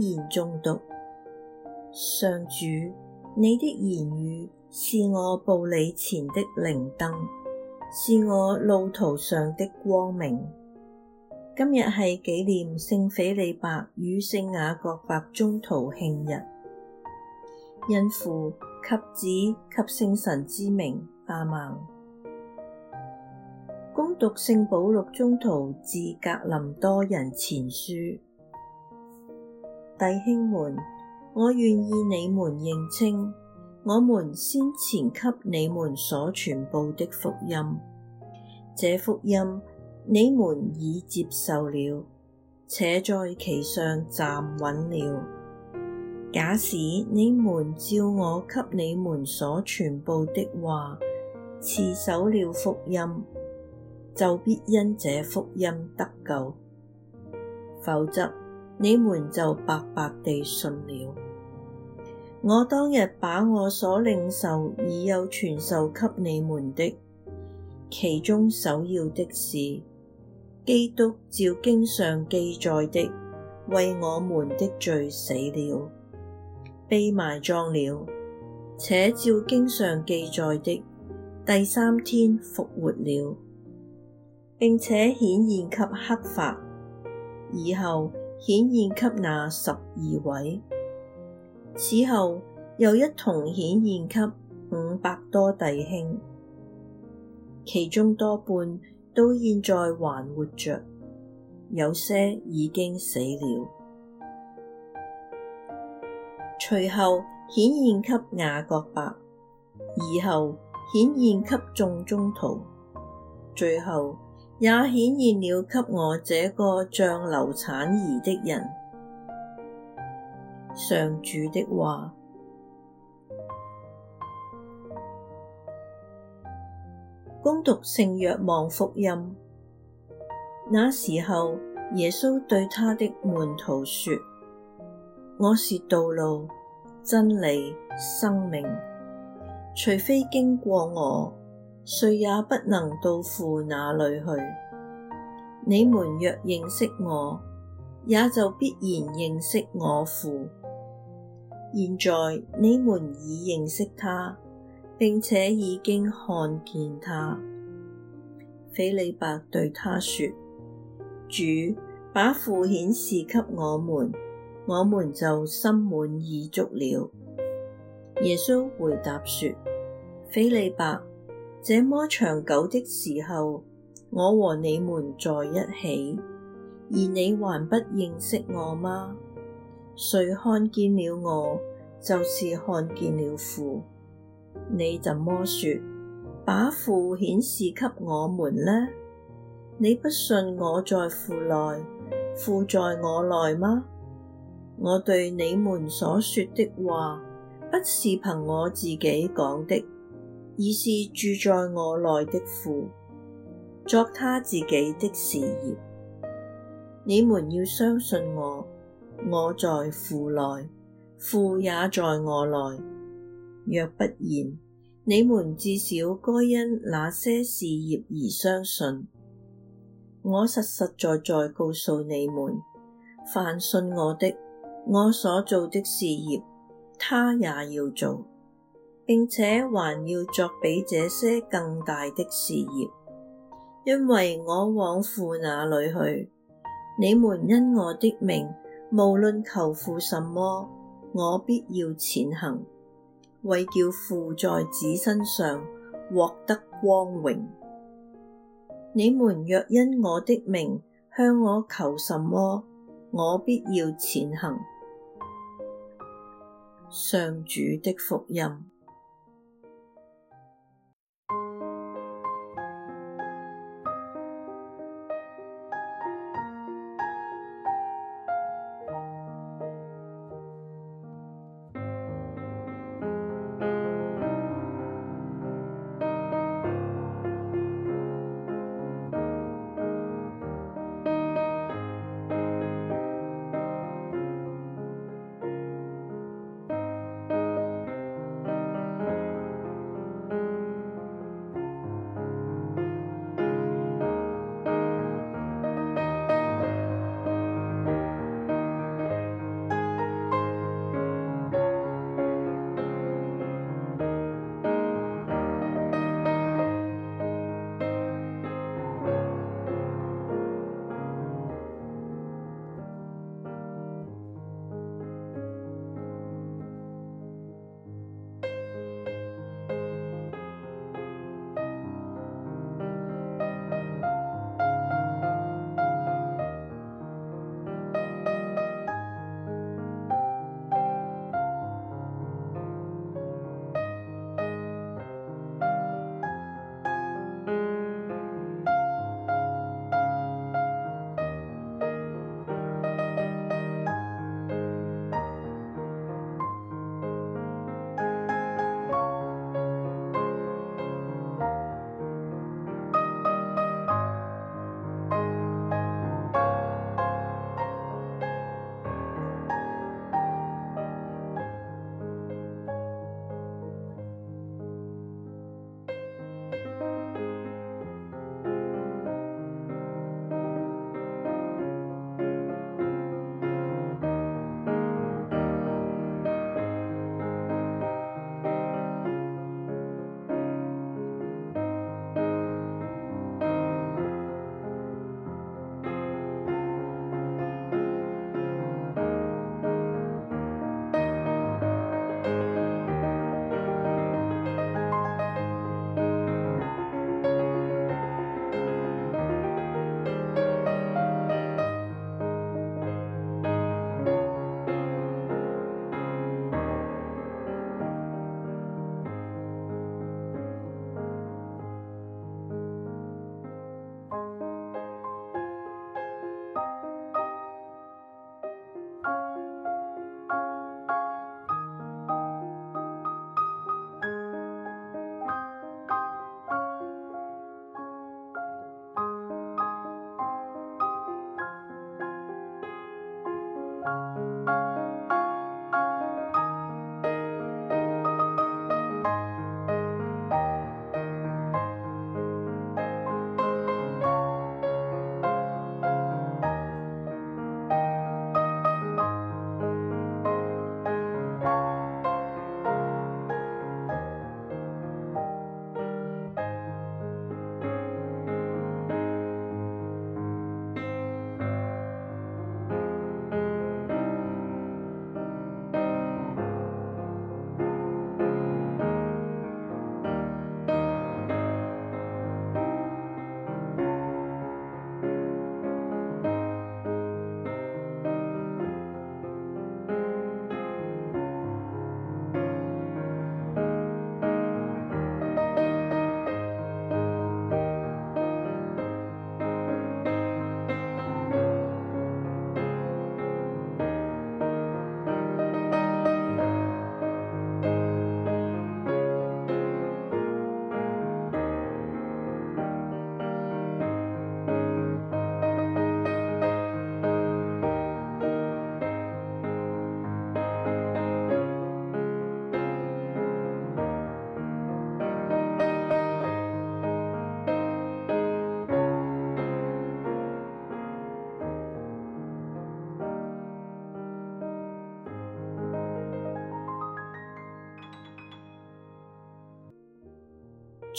言中毒，上主，你的言語是我步履前的靈燈，是我路途上的光明。今日係紀念聖斐理伯與聖雅各伯宗徒慶日，因父及子及聖神之名，阿門。恭讀聖保祿宗徒致格林多人前書。弟兄們，我願意你們認清我們先前給你們所傳報的福音。這福音你們已接受了，且在其上站穩了。假使你們照我給你們所傳報的話持守了福音，就必因這福音得救；否則，你們就白白地信了。我當日把我所領受、而又傳授給你們的，其中首要的是：基督照經上記載的，為我們的罪死了，被埋葬了，且照經上記載的，第三天復活了。並且顯現給刻法，以後，顯現給那十二位，此後又一同顯現給五百多弟兄，其中多半都現在還活着，有些已經死了。隨後顯現給雅各伯，以後顯現給眾宗徒，最後。也顯現了給我這個像流產兒的人。上主的話。恭讀聖若望福音，那時候耶穌對他的門徒說：我是道路、真理、生命，除非經過我。誰也不能到父那裏去。你們若認識我，也就必然認識我父。現在你們已認識他，並且已經看見他。斐理伯對他說：主把父顯示給我們，我們就心滿意足了。耶穌回答說：斐理伯。這麼長久的時候，我和你們在一起，而你還不認識我嗎？誰看見了我，就是看見了父。你怎麼說，把父顯示給我們呢？你不信我在父內，父在我內嗎？我對你們所說的話，不是憑我自己講的。而是住在我內的父，作他自己的事業。你們要相信我，我在父內，父也在我內。若不然，你們至少該因那些事業而相信。我實實在在告訴你們，凡信我的，我所做的事業，他也要做。並且還要作比這些更大的事業，因為我往父那裏去，你們因我的名，無論求父什麼，我必要踐行，為叫父在子身上獲得光榮。你們若因我的名向我求什麼，我必要踐行。上主的福音。